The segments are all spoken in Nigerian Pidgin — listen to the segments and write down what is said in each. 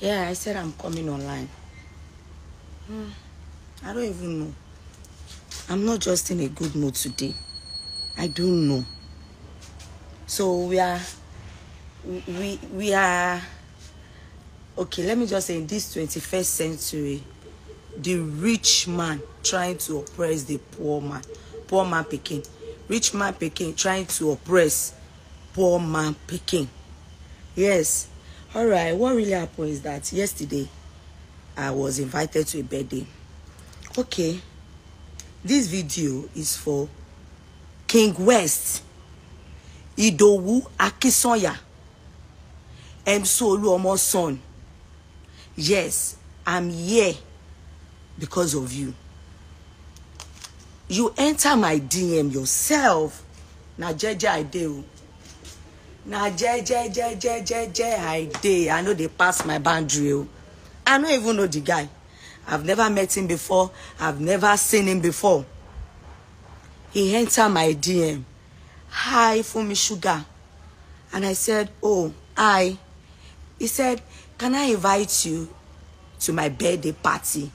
Yeah, I said I'm coming online. Hmm. I don't even know. I'm not just in a good mood today. I don't know. So we are we we are okay, let me just say in this 21st century, the rich man trying to oppress the poor man, poor man picking. Rich man picking trying to oppress poor man picking. Yes, all right what really happened is that yesterday i was invited to a birthday okay this video is for king west idowu akisanya emsolu omo son yes i'm here because of you you enter my dm yourself Now, jeje i do na jejejejeje i dey i no dey pass my boundary o i no even know the guy i've never met him before i've never seen him before he enter my dm hi Funmi Sugar and i said oh hi he said can i invite you to my birthday party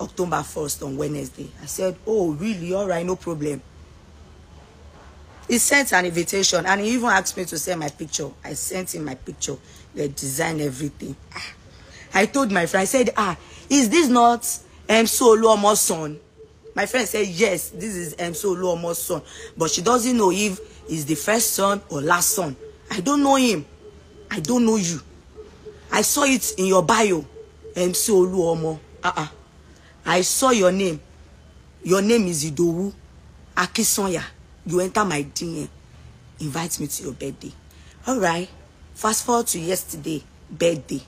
October 1st on Wednesday i said oh really all right no problem He sent an invitation and he even asked me to send my picture. I sent him my picture. They design everything. Ah. I told my friend, I said, ah, is this not M. Um, son? My friend said, yes, this is M. Um, son. But she doesn't know if he's the first son or last son. I don't know him. I don't know you. I saw it in your bio, M. Um, Soluomo. Uh-uh. I saw your name. Your name is Idowu Akisanya you enter my DM, invite me to your birthday. All right. Fast forward to yesterday, birthday.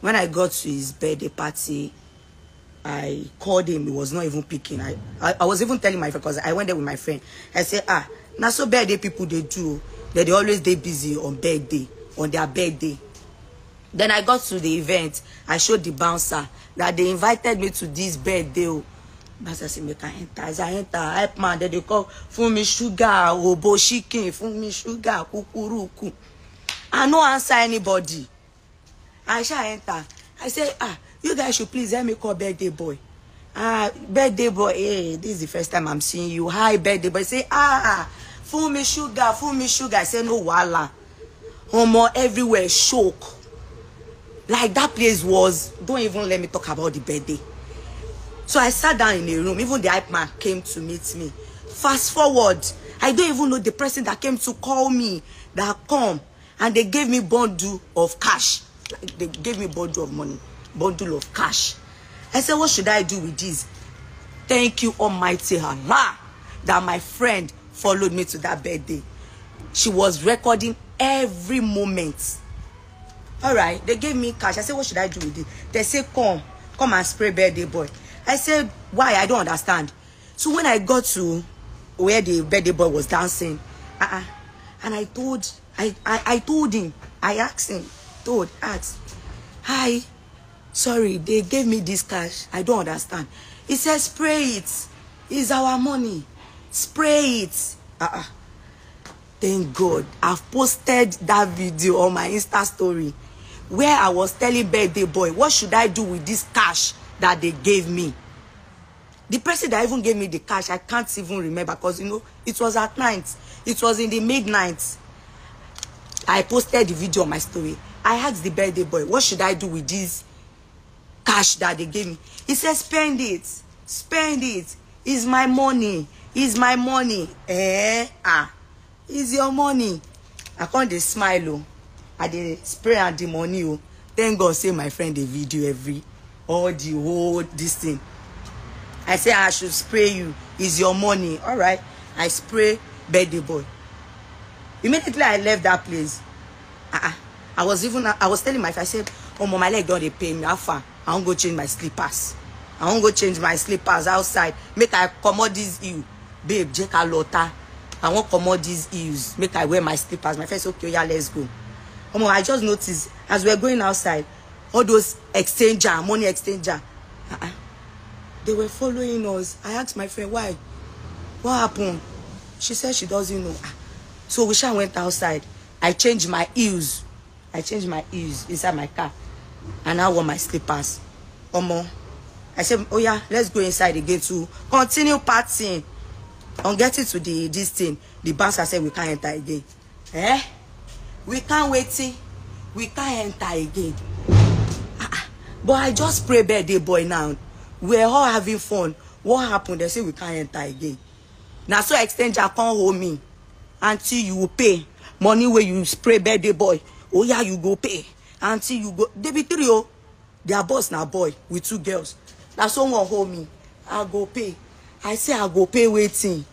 When I got to his birthday party, I called him. He was not even picking. I, I, I was even telling my friend, because I went there with my friend. I said, ah, now so birthday people they do, that they always they busy on birthday, on their birthday then i got to the event i showed the bouncer that they invited me to this birthday o oh. bouncer said make i enter as i enter help man dem dey call fún mi sugar obo chicken fún sugar kukuruku i no answer anybody i sha enter i say ah you guys should please help me call birthday boy ah birthday boy hey eh, this is the first time i'm seeing you hi birthday boy say ah fún me sugar fún me sugar i say no wala. omo everywhere shock like that place was don't even let me talk about the birthday so i sat down in a room even the hype man came to meet me fast forward i don't even know the person that came to call me that come and they gave me bundle of cash like they gave me bundle of money bundle of cash i said what should i do with this thank you almighty allah that my friend followed me to that birthday she was recording every moment all right they gave me cash i said what should i do with it they say come come and spray birthday boy i said why i don't understand so when i got to where the birthday boy was dancing uh -uh, and i told I, I i told him i asked him told asked hi sorry they gave me this cash i don't understand he said spray it it's our money spray it uh-uh. thank god i've posted that video on my insta story where I was telling birthday boy, what should I do with this cash that they gave me? The person that even gave me the cash, I can't even remember because, you know, it was at night. It was in the midnight. I posted the video on my story. I asked the birthday boy, what should I do with this cash that they gave me? He said, spend it. Spend it. It's my money. It's my money. Eh? Ah. It's your money. I can't they smile. Oh i dey spray am the money o oh. thank god say my friend dey video every all the whole this thing i say i should spray you is your money all right i spray birthday boy immediately i left that place uh -uh. i was even i was telling my friend i said omo my leg don dey pain me how far i wan go change my slippers i wan go change my slippers outside make i comot this heel babe jeka lota i wan comot these heels make i wear my slippers my friend say okay oya let's go omo i just noticed as were going outside all those exchanger money exchanger uh -uh. they were following us i asked my friend why what happened she said she doesn't know ah, so we sha went outside i changed my heels i changed my heels inside my car and i wore my slippers omo i said oh yeah let's go inside again to continue partying on getting to the this thing the bouncer said we can't enter again eh we can't wetin we can't enter again ah, ah, but i just pray birthday boy now We're all having fun what happened? They say we can't enter again Now, so exchanger can't hold me until you pay money where you spray birthday boy Oh yeah, you go pay until you go dey be three oh, their boss now boy with two girls Now someone hold me i go pay i say i go pay waiting.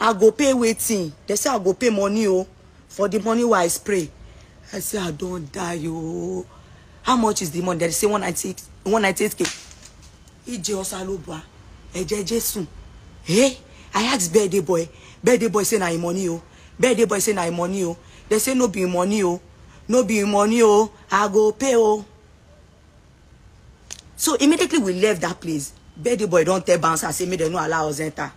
i go pay waiting. They say i go pay money Oh for the money where I spray. I say, I don't die, yo. How much is the money? They say 198, 198k. Ije Osalobua, Eje Jesu. Hey, eh? I asked birthday boy. Birthday boy say na money, yo. Oh. Birthday boy say na money, yo. Oh. They say no be money, yo. Oh. No be money, yo. I go pay, yo. So immediately we left that place. Birthday boy don't tell bouncer say me they no allow us enter.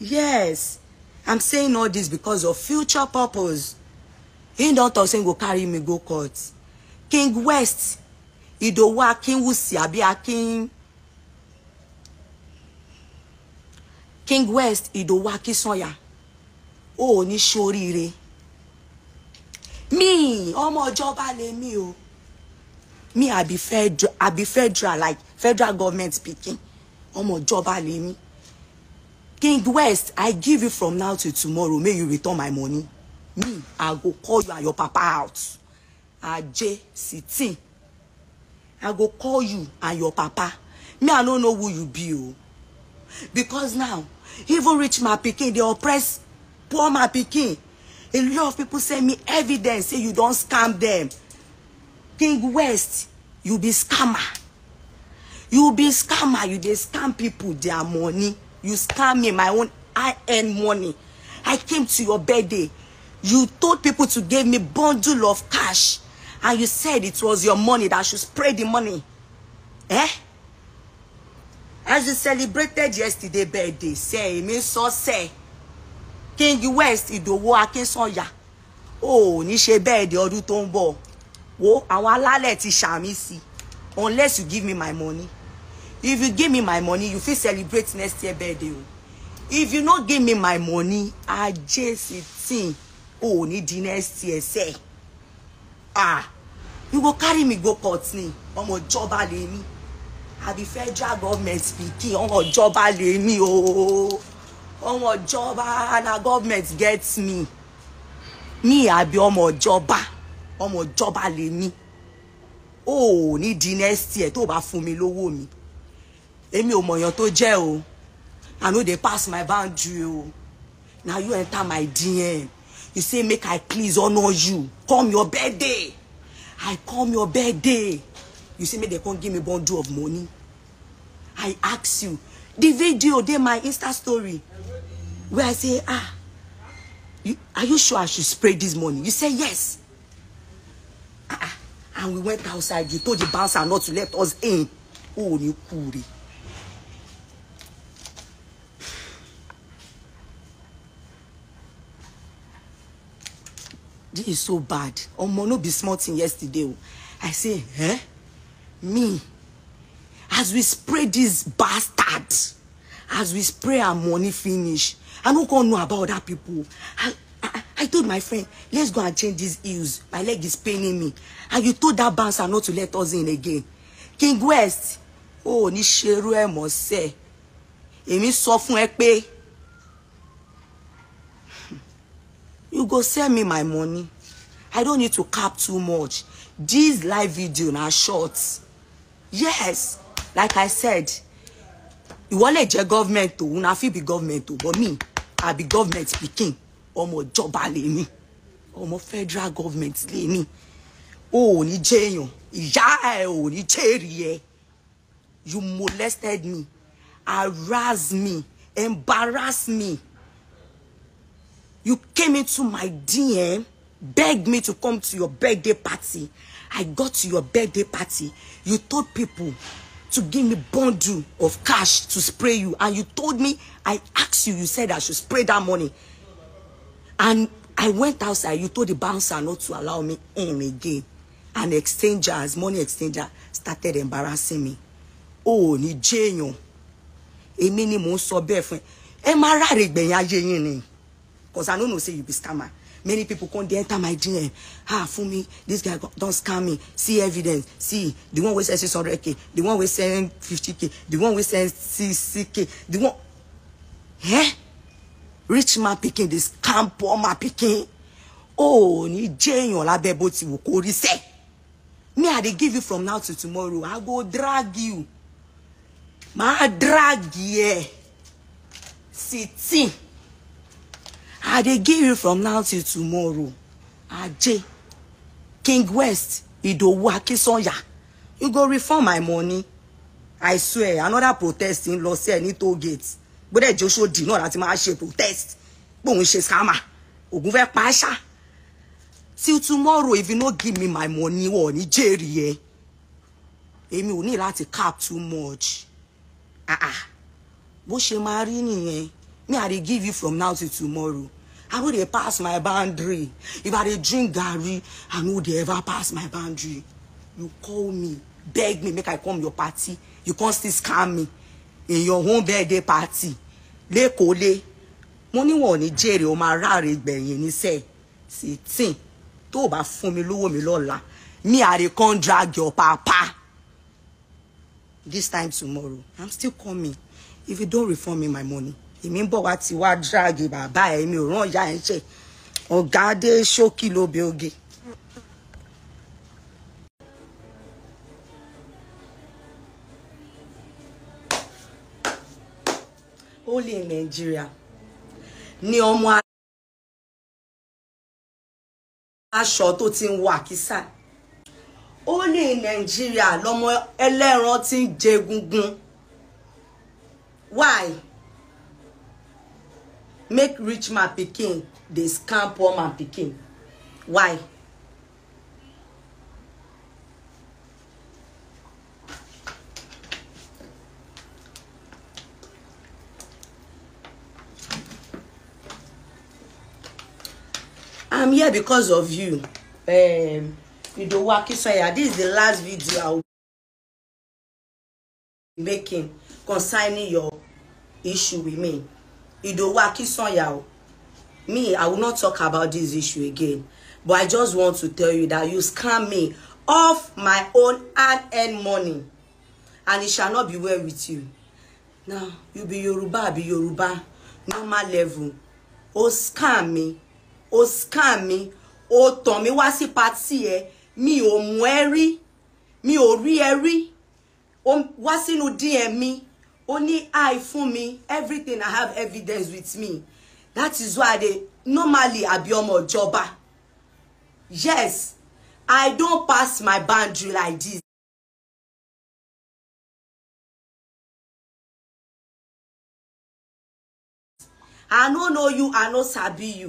Yes, I'm saying all this because of future purpose. He don talk say him go carry me go court king west idowu akinwusi abi akin king west idowu akinsanya o ò ní ṣoríire mi ọmọ ìjọba lèmi o mi àbí federal àbí federal like federal government speaking. pikin ọmọ ìjọba lèmi king west i give you from now till tomorrow may you return my money me i go call you and your papa out aje sitin i go call you and your papa me i no know who you be o oh. because now even rich my pikin they oppress poor my pikin a lot of people send me evidence say you don't scam them king west you be scammer you be scammer you dey scam people their money you scam me my own i earn money i came to your birthday You told people to give me bundle of cash. And you said it was your money that should spread the money. Eh? As you celebrated yesterday birthday, say, me so say. King West, Ìdòwò Akínsànyà. Oh, ní ṣe birthday ọdún tó ń bọ̀. Wo, àwọn alálẹ̀ ti ṣàmì Unless you give me my money. If you give me my money, you fit celebrate next year birthday. If you not give me my money, I just see. Oh, ni di next year sẹ́ ah you go carry me go court ni ọmọ ìjọba lèmi àbí federal government speaking. pikin ọmọ ìjọba lèmi ooo ọmọ ìjọba na government gets me ní àbí ọmọ ìjọba ọmọ ìjọba lèmi ò ní di next year tó bá fún mi lówó mi èmi ò mọ̀yàn tó jẹ́ o i know they pass my boundary o na you enter my dm you say make i please honor you come your birthday i come your birthday you say make they come give me bundle of money i ask you the video dey my insta story where i say ah you, are you sure i should spray this money you say yes ah ah and we went outside you told the bouncer not to let us in Oh, ò ní this is so bad ọmọ no be small thing yesterday o i say eh? me as we spray this bastard as we spray our money finish i no come know about other people i i i told my friend let's go and change these heels my leg is paining me and you told that bouncer not to let us in again king west oh, ni ní e mo se. sẹ́ẹ̀ èmi sọ fún ẹ you go send me my money i don't need to cap too much this live video na short yes like i said you want to jẹ́ government o una fit be government to, but me i be government speaking. Oh my job, ọmọ me. Oh my federal government, ní me. Oh, ìyá ẹ ò ní jẹ́ you molested me harass me embarrassed me. You came into my DM, begged me to come to your birthday party. I got to your birthday party. You told people to give me bundle of cash to spray you. And you told me, I asked you, you said I should spray that money. And I went outside. You told the bouncer not to allow me in again. An exchanger, as money exchanger, started embarrassing me. Oh, ni jẹ́yàn. Èmi ni mò ń sọ bẹ́ẹ̀ fún ẹ. Ẹ máa ráre ni. Because I don't know, say you be scammer. Many people come, they enter my DM. Ah, for me, this guy don't scam me. See evidence. See, the one we send 600K, the one we send 50K, the one we send 60K, the one... Eh? Rich man picking this scam poor man picking. Oh, ni jẹ́yàn lábẹ́ bó ti wù kó Me, I dey give you from now to tomorrow. I go drag you. Ma drag you. Sitting i they give you from now till tomorrow ajé king west idowu akínsanya you go refund my money i swear another protest ń lọ sí ẹ ní toll gate gbọ́dọ̀ joshua dì náà láti máa ṣe protest pòun ṣe scammer ògùn fẹ́ pa á ṣá till tomorrow if you no give me my money wọ̀ ní jèrè ẹ̀ èmi ò ní láti cap too much ah ah bó ṣe máa rí eh me i dey give you from now till tomorrow i no dey pass my boundary if i dey drink garri i no dey ever pass my boundary you call me beg me make i come your party you come still scam me in your own birthday party lẹ́kọ̀ọ́lé mo ní wọn ò ní jèrè o máa ráre gbẹ̀yìn níṣẹ́ sí tíì tó o bá fún mi lówó mi lọ́la me i dey come drag your papa this time tomorrow i'm still coming if you don't refund me my money èmi ń bọ̀ wá ti wá dráàgì bàbá ẹ̀ mi ò rán ìyá ẹ̀ ń ṣe ọ̀gá dé ṣókí lóbe oge. only in Nigeria. Ni ọmọ aṣọ tó ti ń wà kísà. Only in Nigeria lọmọ ẹlẹ́ran ti ń jẹ egungun. Why? make rich man pikin dey scam poor man pikin why i'm here because of you um, idowu akisanya this is the last video i will be making concerning your issue with me Ìdòwú Akínsànyà o me i will not talk about this issue again but i just want to tell you that you scam me off my own hard-earned money and it shall not be well with you now you be Yoruba I be Yoruba normal level Oh, scam me, oh, scam me, oh, Tommy, what's he sí pátì Me, mi ò me, ẹ rí mi what's he no rí o dm mi ó ní i fún mi everything i have evidence with me that is why i dey normally abi ọmọ ìjọba yes i don pass my boundary like this. i no know you i no sabi you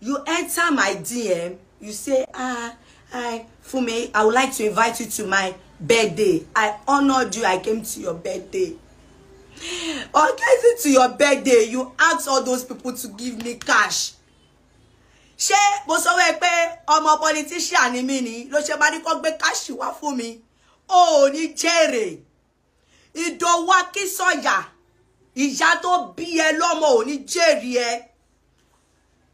you enter my dm you say ah Hi, Fume, I would like to invite you to my birthday. I honored you. I came to your birthday. On getting to your birthday, you asked all those people to give me cash. She mo sọ wẹ́ pé ọmọ politician ni mí ni ló ṣe bá ní kó gbé káṣì wá fún mi? O ò ní jèrè. Ìdòwú soya. ìyá tó bí ẹ lọ́mọ ò ní jèrè ẹ.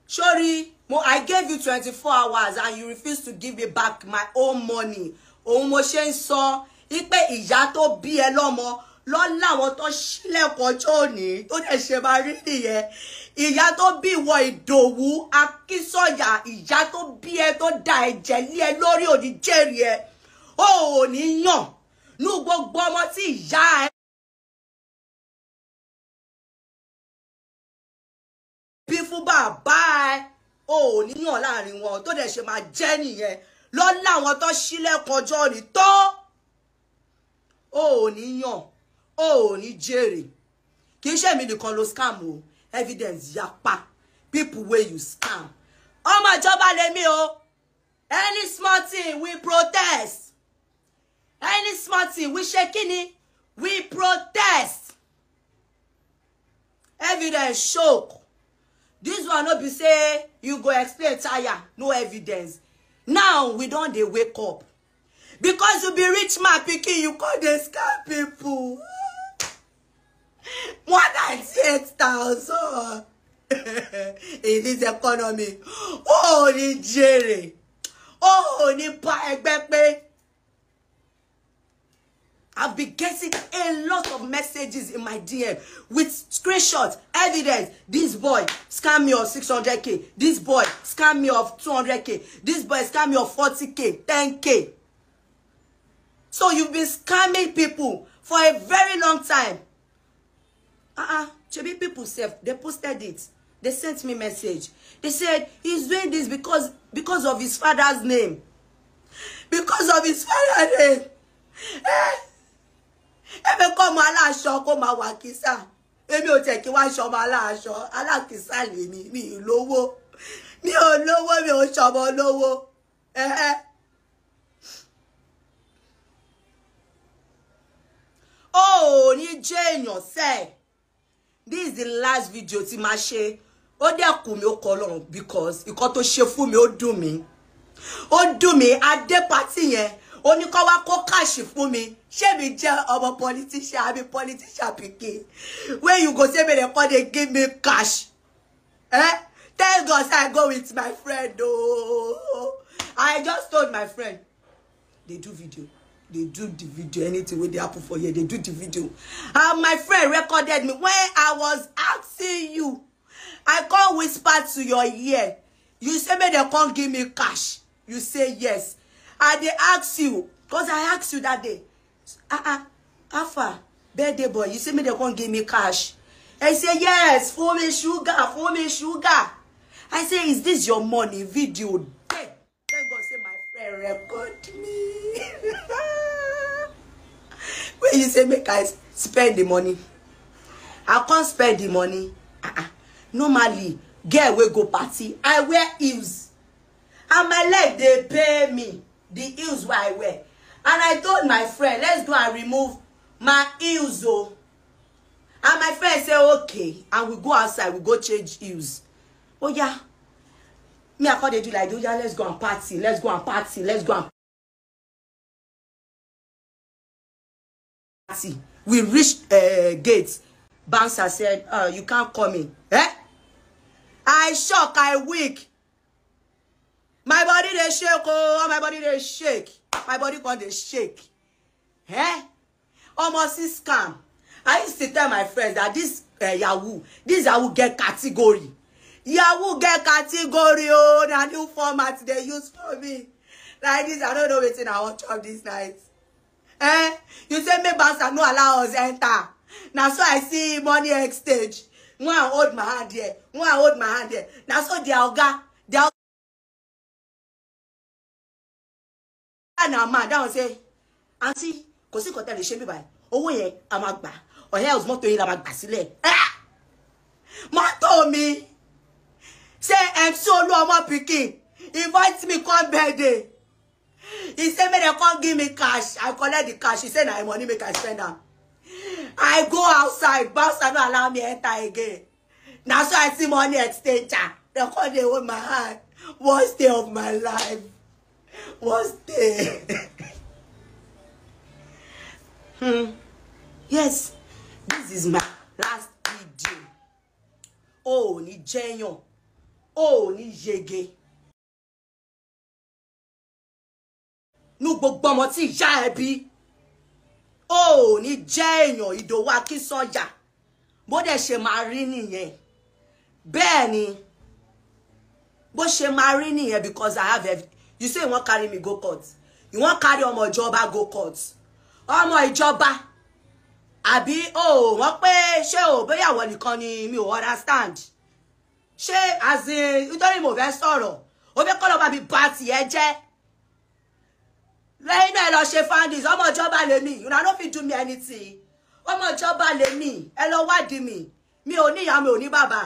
Sórí i gave you 24 hours and you refuse to give me back my own money òun mo ṣe ń sọ wípé ìyá tó bí ẹ lọ́mọ lọ láwọn tó ṣílẹ̀kùn ọjọ́ òní tó dẹ̀ ṣe máa rí nìyẹn ìyá tó bí ìwọ ìdòwú akínsọ̀yà ìyá tó bí ẹ tó da ẹ̀jẹ̀ lé ẹ lórí òní jèrè ẹ ó ò ní yàn nú gbogbo ọmọ tí ìyá ẹ. bí fún bàbá ẹ o ò níyàn láàrin wọn tó dẹ̀ ṣe máa jẹ́ nìyẹn lọ́lá àwọn tó ṣílẹ̀kùn ọjọ́ rí tó o ò níyàn o ò ní jèrè kì í ṣe èmi nìkan ló scam o evidence yapa people wey you scam ọmọ ìjọba lèmi o any small thing we protest any small thing we ṣe kíni we protest evidence choke dis one no be say you go explain tire no evidence now we don dey wake up because you be rich man pikin you con dey scam people. more than eight thousand in this economy Oh, ò ní Oh, ó ò ní bá ẹgbẹ́ been getting a lot of messages in my DM with screenshots, evidence. This boy scammed me of 600k. This boy scammed me of 200k. This boy scammed me of 40k, 10k. So you've been scamming people for a very long time. Uh-uh. Chebi people self, they posted it. They sent me message. They said he's doing this because because of his father's name. Because of his father's name. Eh? èmi kọ́ ọmọ aláṣọ kó máa wà kìsà èmi ò tẹ̀ kí wá aṣọ ọmọ aláṣọ alákìsà lèmi mi ì lówó mi ò lówó mi ò ṣọmọ lówó ẹ̀hẹ́. ó ò ní jẹ́ èèyàn sẹ́ẹ̀ this is the last video tí máa ṣe ó dẹ̀ kù mí ó kọ ọlọ́run because ìkọ́ tó ṣe fún mi ó dùn mí ó dùn mí adé pátì ó ní kọ́ wá kó káàṣì fún mi ṣebí jẹ́ ọmọ politician àbí politician pikin wey you go say me dem call dey give me cash eh Tell God say I go with my friend oh. I just told my friend dey do video dey do the video anything wey dey happen for here dey do the video and my friend recorded me when I was asking you I come whisper to your ear you say make dem come give me cash you say yes I they ask you, because I asked you that day. Ah, ah, Alpha, birthday boy, you say me they can't give me cash. I say, yes, for me sugar, for me sugar. I say, is this your money? Video day. Thank God, say my friend record me. When you say, make guys spend the money. I can't spend the money. Uh -uh. Normally, girl will go party. I wear heels. And my leg, they pay me the heels wey i wear and i told my friend let's go and remove my heels o oh. and my friend say okay and we go outside we go change heels oya oh, yeah. me i come dey do like oya oh, yeah, let's go and party let's go and party let's go and party we reach uh, eh, gate bouncer said uh, you can't come in eh i shock i weak my body dey shake oh my body dey shake my body con dey shake eh omo see scam i used to tell my friends that this uh, yahoo this yahoo get category yahoo get category oh na new format dey use for me like this i no know wetin i wan chop this night eh you say make bouncer no allow us enter na so i see money exchange one hold my hand there one hold my hand there na so their oga náà máa dáhùn ṣe àǹtí kò sí nǹkan tẹ́lẹ̀ ṣe mí báyìí owó yẹn a máa gbà ọ̀hẹ́ ọ̀sùn mọ́tò yìí la máa gbà sílẹ̀ ah! mọ́tò mi ṣe MC olú ọmọ pikin invite me come birthday he say make dem come give me cash i collect the cash he say na money make i spend am i go outside bouncer no allow me enter again na so i see money exchanger ah! dem come dey hold my hand worst day of my life was there. hmm. Yes, this is my last video. Oh ò ní jẹ́yàn, o ò ní yege. Nú gbogbo ọmọ tí ìyá ẹ bí. O ò ní jẹ́ èèyàn Ìdòwú Akínsọ́jà. Bó dẹ̀ ṣe máa because I have everything you say you wan carry me go court you wan carry ọmọ ìjọba go court ọmọ ìjọba àbí o wọ́n pé ṣé o bóyáwọ̀ nìkan ni mi ò understand ṣé azin nítorí mo fẹ́ sọ̀rọ̀ o fẹ́ kọ́ lọ́ba mi bá tiẹ̀ jẹ́ lẹ́yìn náà ẹ lọ ṣe fandis ọmọ ìjọba lè mi ìrora ló fi do me anything ọmọ ìjọba lè mi ẹ lọ wádìí mi mi ò níyàá mi ò ní bàbá